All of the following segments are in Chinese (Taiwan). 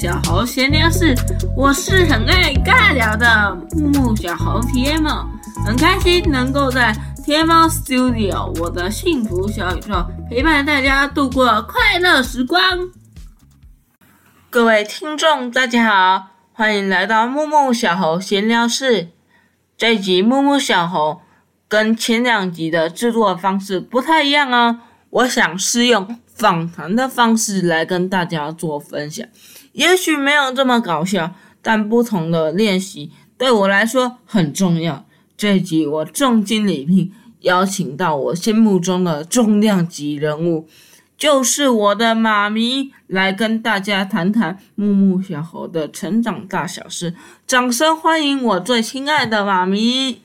小猴閒聊室，我是很愛尬聊的沐沐小猴 T.M，很開心能夠在天貓 Studio 我的幸福小宇宙陪伴大家度過快樂時光。各位聽眾，大家好，歡迎來到沐沐小猴閒聊室。這集沐沐小猴跟前兩集的製作方式不太一樣哦，我想是用訪談的方式來跟大家做分享。也許沒有這麼搞笑，但不同的練習對我來說很重要。這集我重金禮聘，邀請到我心目中的重量級人物，就是我的媽咪，來跟大家談談沐沐小猴的成長大小事。掌聲歡迎我最親愛的媽咪！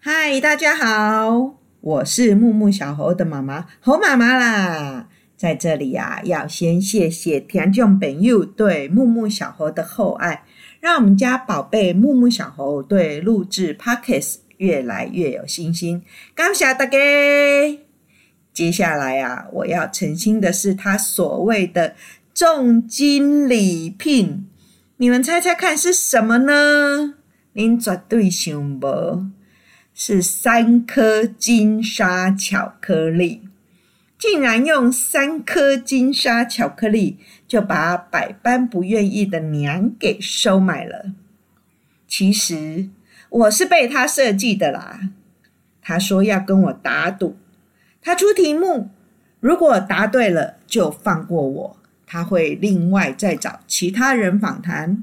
嗨，大家好，我是沐沐小猴的媽媽，猴媽媽啦。在這裡呀、啊，要先謝謝聽眾朋友對沐沐小猴的厚愛，讓我們家寶貝沐沐小猴對錄制 Podcast 越來越有信心。感謝大家！接下來啊，我要澄清的是，他所謂的重金禮聘，你們猜猜看是什麼呢？您絕對想到，不是三顆金沙巧克力。竟然用三顆金沙巧克力就把百般不願意的娘給收買了。其實我是被他設計的啦。他說要跟我打賭，他出題目，如果答對了就放過我，他會另外再找其他人訪談；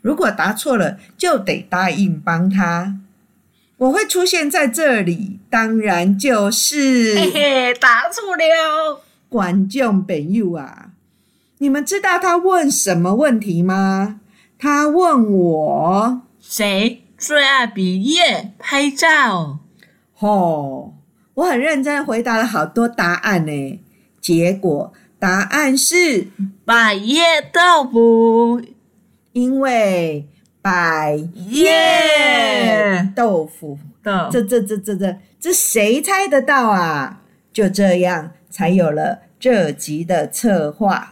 如果答錯了，就得答應幫他。我會出現在這裡，當然就是嘿嘿，大廚了。觀眾朋友啊，你們知道他問什麼問題嗎？他問我誰最愛比耶拍照？吼、哦！我很認真回答了好多答案呢，哎，結果答案是百葉豆腐，因為。百葉豆腐，yeah! 這這這這這這誰猜得到啊？就這樣才有了這集的策劃。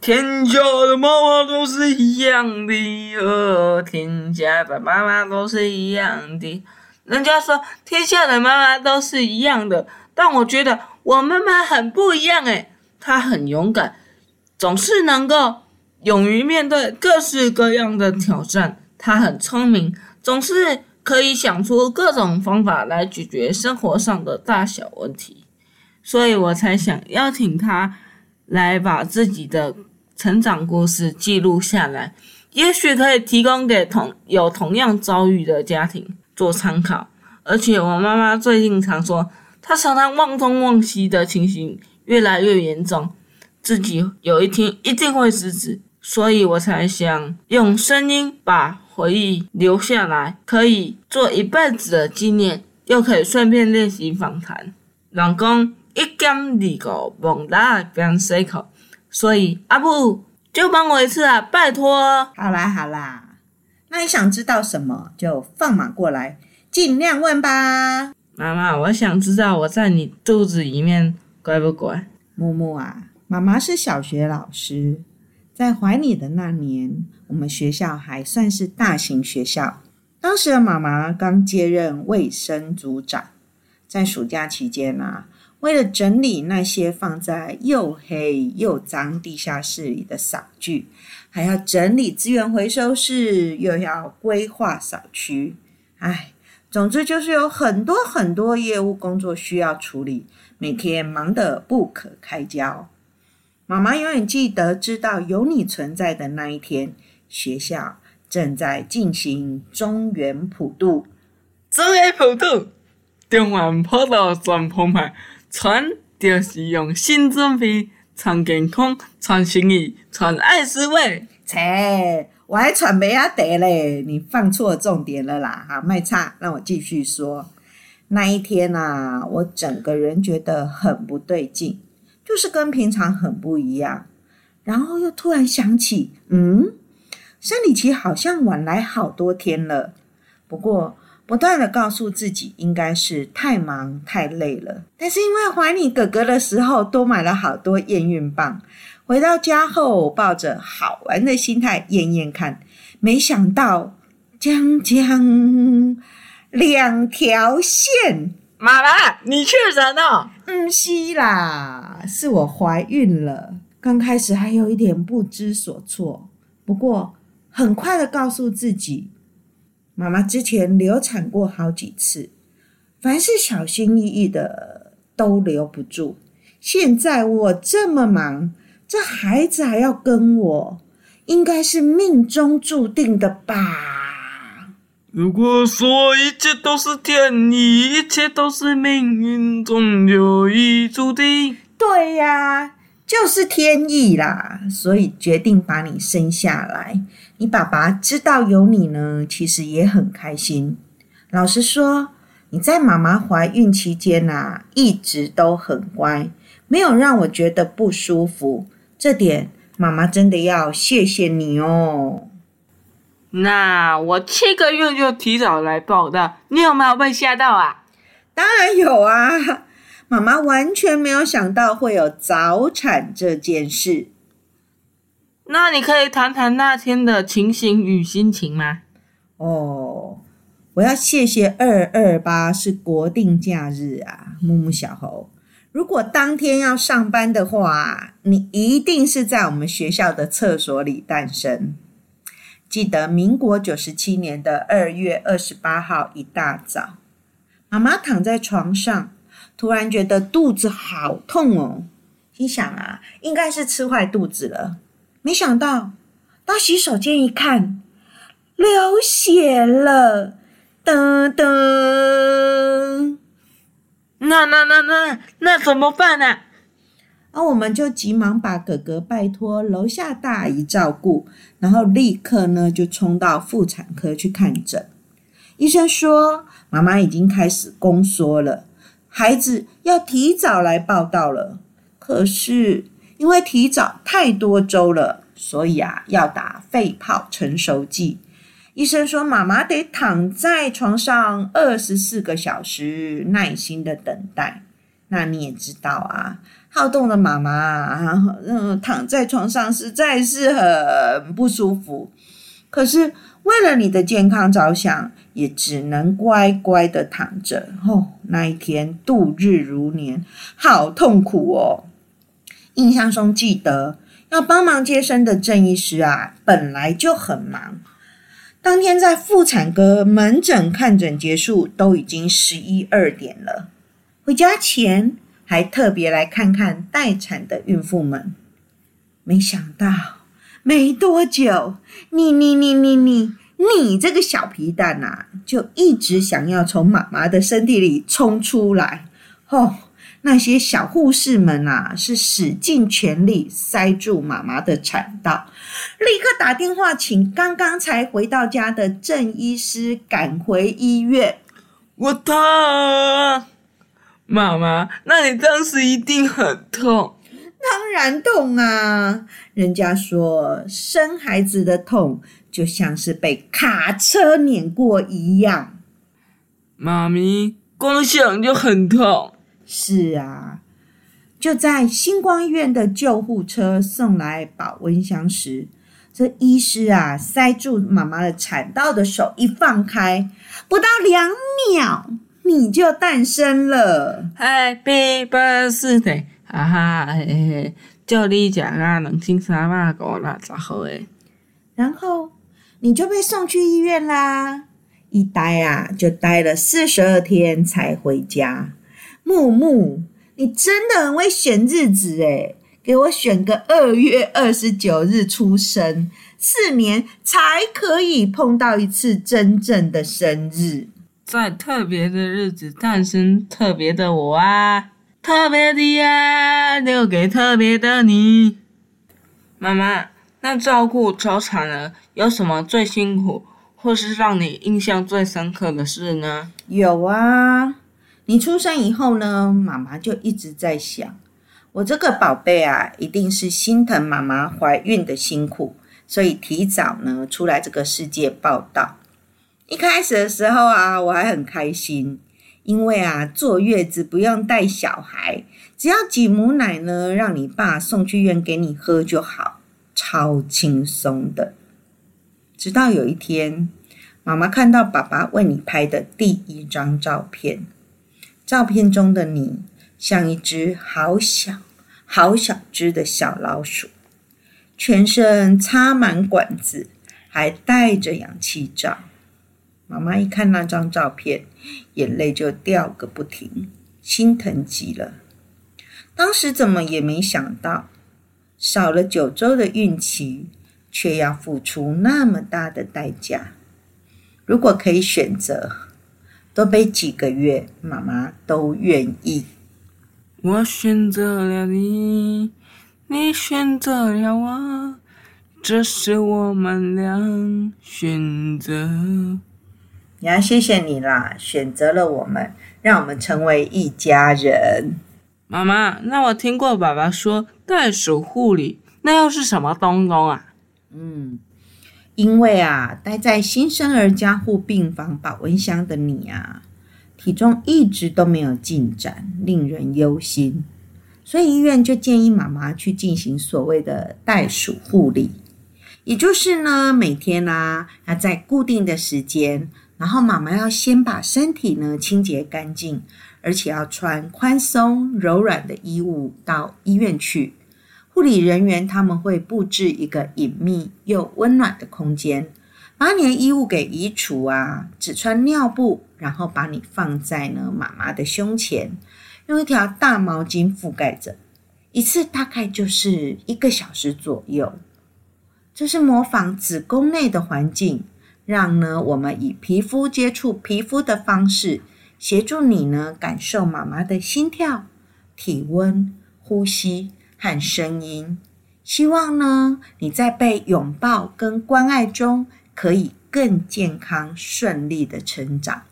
天下的媽媽都是一樣的，而、哦、天下的媽媽都是一樣的。人家說天下的媽媽都是一樣的，但我覺得我媽媽很不一樣哎，她很勇敢，總是能夠。勇於面對各式各樣的挑戰，他很聰明，總是可以想出各種方法來解決生活上的大小問題，所以我才想邀請他來把自己的成長故事記錄下來，也許可以提供給同有同樣遭遇的家庭做參考。而且我媽媽最近常說，她常常忘東忘西的情形越來越嚴重，自己有一天一定會失智。所以我才想用聲音把回憶留下來，可以做一輩子的紀念，又可以順便練習訪談。老公一講你個，忙得變辛苦，所以阿布就幫我一次啊，拜托哦。好啦好啦，那你想知道什麼就放馬過來，盡量問吧。媽媽，我想知道我在你肚子裡面乖不乖？沐沐啊，媽媽是小學老師。在懷你的那年，我們學校還算是大型學校。當時的媽媽剛接任衛生組長，在暑假期間啊，為了整理那些放在又黑又髒地下室裡的掃具，還要整理資源回收室，又要規劃掃區，唉，總之就是有很多很多業務工作需要處理，每天忙得不可開交。媽媽永遠記得，知道有你存在的那一天，學校正在進行中元普渡。中元普渡，中元普渡，全澎派傳，就是用新裝備傳健康，傳心意，傳愛思維。切，我還傳沒啊得嘞！你放錯重點了啦！哈，賣差，讓我繼續說。那一天啊，我整個人覺得很不對勁。就是跟平常很不一樣，然後又突然想起，嗯，生理期好像晚來好多天了。不過不斷地告訴自己，應該是太忙太累了。但是因為懷你哥哥的時候，多買了好多驗孕棒，回到家後抱着好玩的心態驗驗看，沒想到將將兩條線。媽媽，你確認哦？嗯，是啦，是我懷孕了。剛開始還有一點不知所措，不過很快的告訴自己，媽媽之前流產過好幾次，凡是小心翼翼的都留不住。現在我這麼忙，這孩子還要跟我，應該是命中注定的吧。如果說一切都是天意，一切都是命運，終究已注定。對呀、啊，就是天意啦，所以決定把你生下來。你爸爸知道有你呢，其實也很開心。老實說，你在媽媽懷孕期間啊，一直都很乖，沒有讓我覺得不舒服，這點媽媽真的要謝謝你哦。那我七個月就提早來報到，你有沒有被嚇到啊？當然有啊，媽媽完全沒有想到會有早產這件事。那你可以談談那天的情形與心情嗎？哦，我要謝謝二二八是國定假日啊，沐沐小猴。如果當天要上班的話，你一定是在我們學校的廁所裡誕生。記得民國九十七年的二月二十八號一大早，媽媽躺在床上，突然覺得肚子好痛哦，心想啊，應該是吃壞肚子了。沒想到到洗手間一看，流血了，噔噔，那那那那那怎麼辦呢、啊？那、啊、我們就急忙把哥哥拜托樓下大姨照顧，然後立刻呢就衝到婦產科去看診。醫生說，媽媽已經開始宮縮了，孩子要提早來報到了。可是因為提早太多周了，所以啊要打肺泡成熟劑。醫生說，媽媽得躺在床上二十四個小時，耐心的等待。那你也知道啊，好動的媽媽啊，嗯，躺在床上實在是很不舒服。可是為了你的健康着想，也只能乖乖的躺着。哦，那一天度日如年，好痛苦哦。印象中記得要幫忙接生的鄭醫師啊，本來就很忙，當天在婦產科門診看診結束，都已經十一二點了。回家前還特別來看看待產的孕婦們，沒想到沒多久，你你你你你你這個小皮蛋啊，就一直想要從媽媽的身體裡衝出來。哦，那些小護士們啊，是使盡全力塞住媽媽的產道，立刻打電話請剛剛才回到家的鄭醫師趕回醫院。我疼啊。媽媽，那你當時一定很痛。當然痛啊！人家說生孩子的痛就像是被卡車碾過一樣。媽咪，光想就很痛。是啊，就在星光醫院的救護車送來保溫箱時，這醫師啊，塞住媽媽的產道的手一放開，不到兩秒，你就誕生了，Happy Birthday！哈哈嘿嘿，就你講啊，兩千三百五十歲。然後你就被送去醫院啦，一呆啊就呆了四十二天才回家。沐沐，你真的很會選日子耶，給我選個二月二十九日出生，四年才可以碰到一次真正的生日。在特別的日子誕生特別的我啊，特別的愛，啊，留給特別的你。媽媽，那照顧早產兒有什麼最辛苦，或是讓你印象最深刻的事呢？有啊，你出生以後呢，媽媽就一直在想，我這個寶貝啊，一定是心疼媽媽懷孕的辛苦，所以提早呢出來這個世界報到。一開始的時候啊，我還很開心，因為啊坐月子不用帶小孩，只要擠母奶呢，讓你爸送去醫院給你喝就好，超輕鬆的。直到有一天，媽媽看到爸爸為你拍的第一張照片，照片中的你像一隻好小、好小只的小老鼠，全身插滿管子，還戴着氧氣罩。媽媽一看那張照片，眼淚就掉個不停，心疼極了。當時怎麼也沒想到，少了九週的孕期，卻要付出那麼大的代價。如果可以選擇，多背幾個月，媽媽都願意。我選擇了你，你選擇了我，這是我們倆選擇。呀、啊，謝謝你啦，選擇了我們，讓我們成為一家人。媽媽，那我聽過爸爸說袋鼠護理，那又是什麼東東啊？嗯，因為啊，待在新生兒加護病房保溫箱的你啊，體重一直都沒有進展，令人憂心，所以醫院就建議媽媽去進行所謂的袋鼠護理，也就是呢，每天啊，要在固定的時間。然後媽媽要先把身體呢清潔乾淨，而且要穿寬鬆柔軟的衣物到醫院去。護理人員他們會布置一個隱祕又溫暖的空間，把你的衣物給移除啊，只穿尿布，然後把你放在呢媽媽的胸前，用一條大毛巾覆蓋着，一次大概就是一個小時左右。這是模仿子宮內的環境。讓呢，我們以皮膚接觸皮膚的方式協助你呢，感受媽媽的心跳、體溫、呼吸和聲音。希望呢，你在被擁抱跟關愛中，可以更健康順利的成長。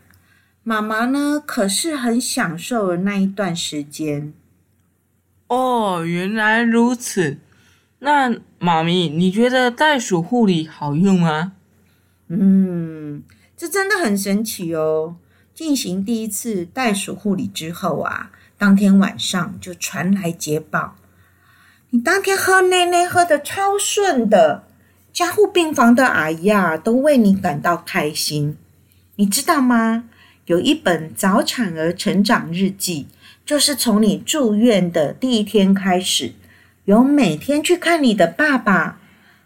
媽媽呢，可是很享受的那一段時間。哦，原來如此。那媽咪，你覺得袋鼠護理好用嗎？嗯，這真的很神奇哦！進行第一次袋鼠護理之後啊，當天晚上就傳來捷報。你當天喝奶奶喝得超順的，加護病房的阿姨啊都為你感到開心。你知道嗎？有一本早產兒成長日記，就是從你住院的第一天開始，有每天去看你的爸爸、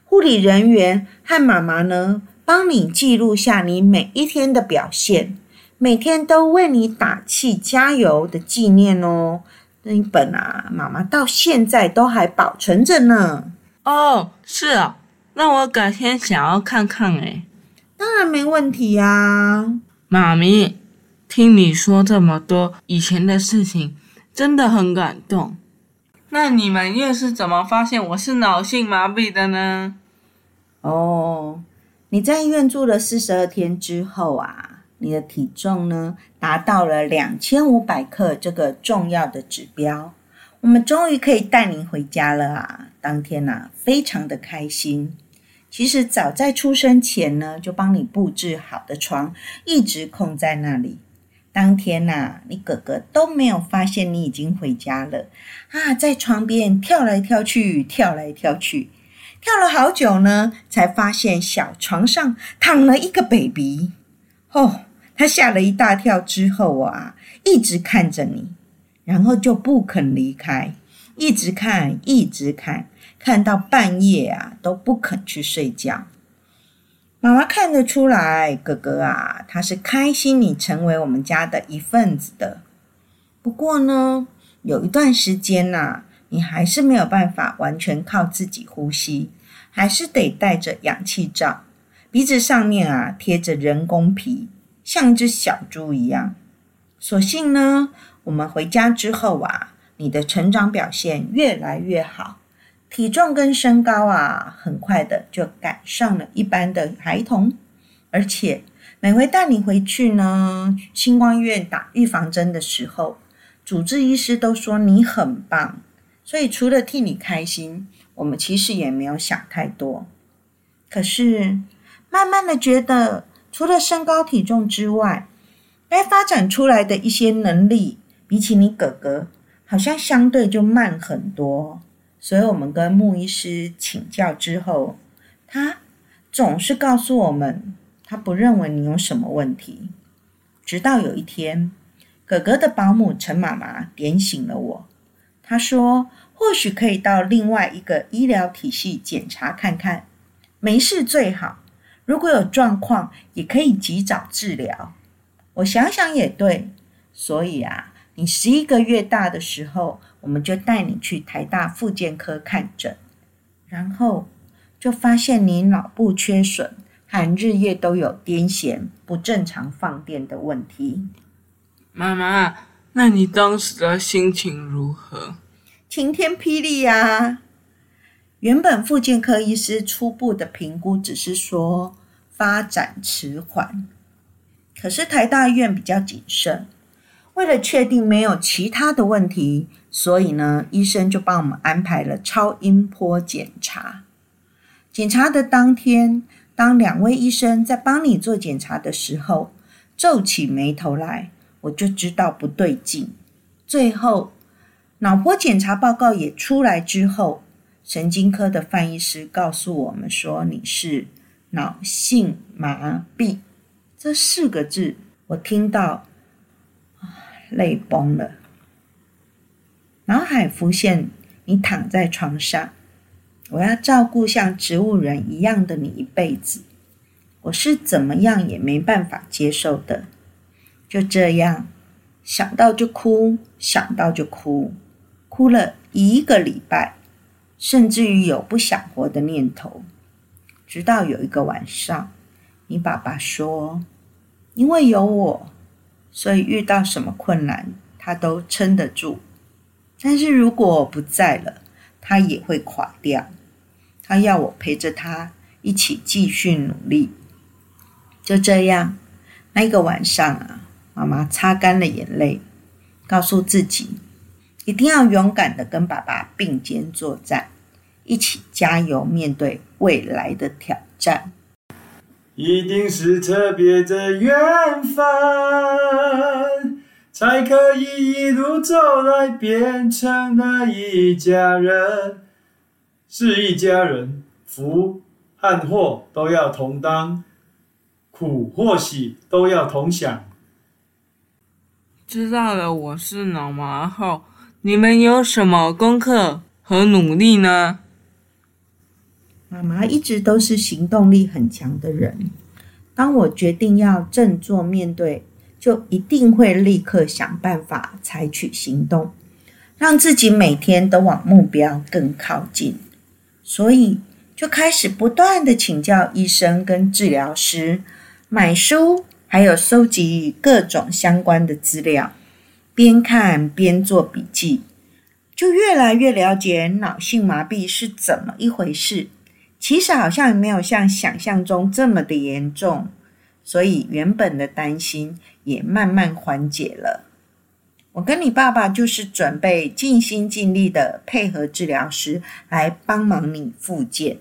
護理人員和媽媽呢。幫你記錄下你每一天的表現，每天都為你打氣加油的紀念哦。那一本啊，媽媽到現在都還保存着呢。哦，是啊，那我改天想要看看哎。當然沒問題啊，媽咪，聽你說這麼多以前的事情，真的很感動。那你們又是怎麼發現我是腦性麻痹的呢？哦。你在醫院住了四十二天之後啊，你的體重呢達到了兩千五百克這個重要的指標，我們終於可以帶你回家了啊！當天吶、啊，非常的開心。其實早在出生前呢，就幫你布置好的床一直空在那裡。當天吶、啊，你哥哥都沒有發現你已經回家了啊，在床邊跳來跳去，跳來跳去。跳了好久呢，才發現小床上躺了一個 baby。哦，他嚇了一大跳之後啊，一直看着你，然後就不肯離開，一直看，一直看，看到半夜啊，都不肯去睡覺。媽媽看得出來，哥哥啊，他是開心你成為我們家的一份子的。不過呢，有一段時間吶、啊。你還是沒有辦法完全靠自己呼吸，還是得戴着氧氣罩，鼻子上面啊貼着人工皮，像一隻小豬一樣。所幸呢，我們回家之後啊，你的成長表現越來越好，體重跟身高啊，很快的就趕上了一般的孩童，而且每回帶你回去呢，星光醫院打預防針的時候，主治醫師都說你很棒。所以，除了替你開心，我們其實也沒有想太多。可是，慢慢的覺得，除了身高體重之外，該發展出來的一些能力，比起你哥哥，好像相對就慢很多。所以我們跟木醫師請教之後，他總是告訴我們，他不認為你有什麼問題。直到有一天，哥哥的保姆陳媽媽點醒了我。他說：“或許可以到另外一個醫療體系檢查看看，沒事最好。如果有狀況，也可以及早治療。我想想也對，所以啊，你十一個月大的時候，我們就帶你去台大復健科看診，然後就發現你腦部缺損，還日夜都有癲癇、不正常放電的問題。”媽媽。那你當時的心情如何？晴天霹靂呀，啊！原本婦產科醫師初步的評估只是說發展遲緩，可是台大醫院比較謹慎，為了確定沒有其他的問題，所以呢，醫生就幫我們安排了超音波檢查。檢查的當天，當兩位醫生在幫你做檢查的時候，皺起眉頭來。我就知道不對勁。最後，腦波檢查報告也出來之後，神經科的范醫師告訴我們說：“你是腦性麻痹。”這四個字，我聽到，啊，淚崩了。腦海浮現你躺在床上，我要照顧像植物人一樣的你一輩子，我是怎麼樣也沒辦法接受的。就這樣，想到就哭，想到就哭，哭了一個禮拜，甚至於有不想活的念頭。直到有一個晚上，你爸爸說：“因為有我，所以遇到什麼困難他都撐得住。但是如果我不在了，他也會垮掉。他要我陪着他一起繼續努力。”就這樣，那一個晚上啊。媽媽擦乾了眼淚，告訴自己一定要勇敢的跟爸爸並肩作戰，一起加油面對未來的挑戰。一定是特別的緣分，才可以一路走來變成了一家人。是一家人，福和禍都要同當，苦或喜都要同享。知道了，我是腦麻後，你們有什麼功課和努力呢？媽媽一直都是行動力很強的人，當我決定要振作面對，就一定會立刻想辦法採取行動，讓自己每天都往目標更靠近，所以就開始不斷的請教醫生跟治療師，買書。還有收集各種相關的資料，邊看邊做筆記，就越來越了解腦性麻痹是怎麼一回事。其實好像也沒有像想象中這麼的嚴重，所以原本的擔心也慢慢緩解了。我跟你爸爸就是準備盡心盡力的配合治療師來幫忙你復健。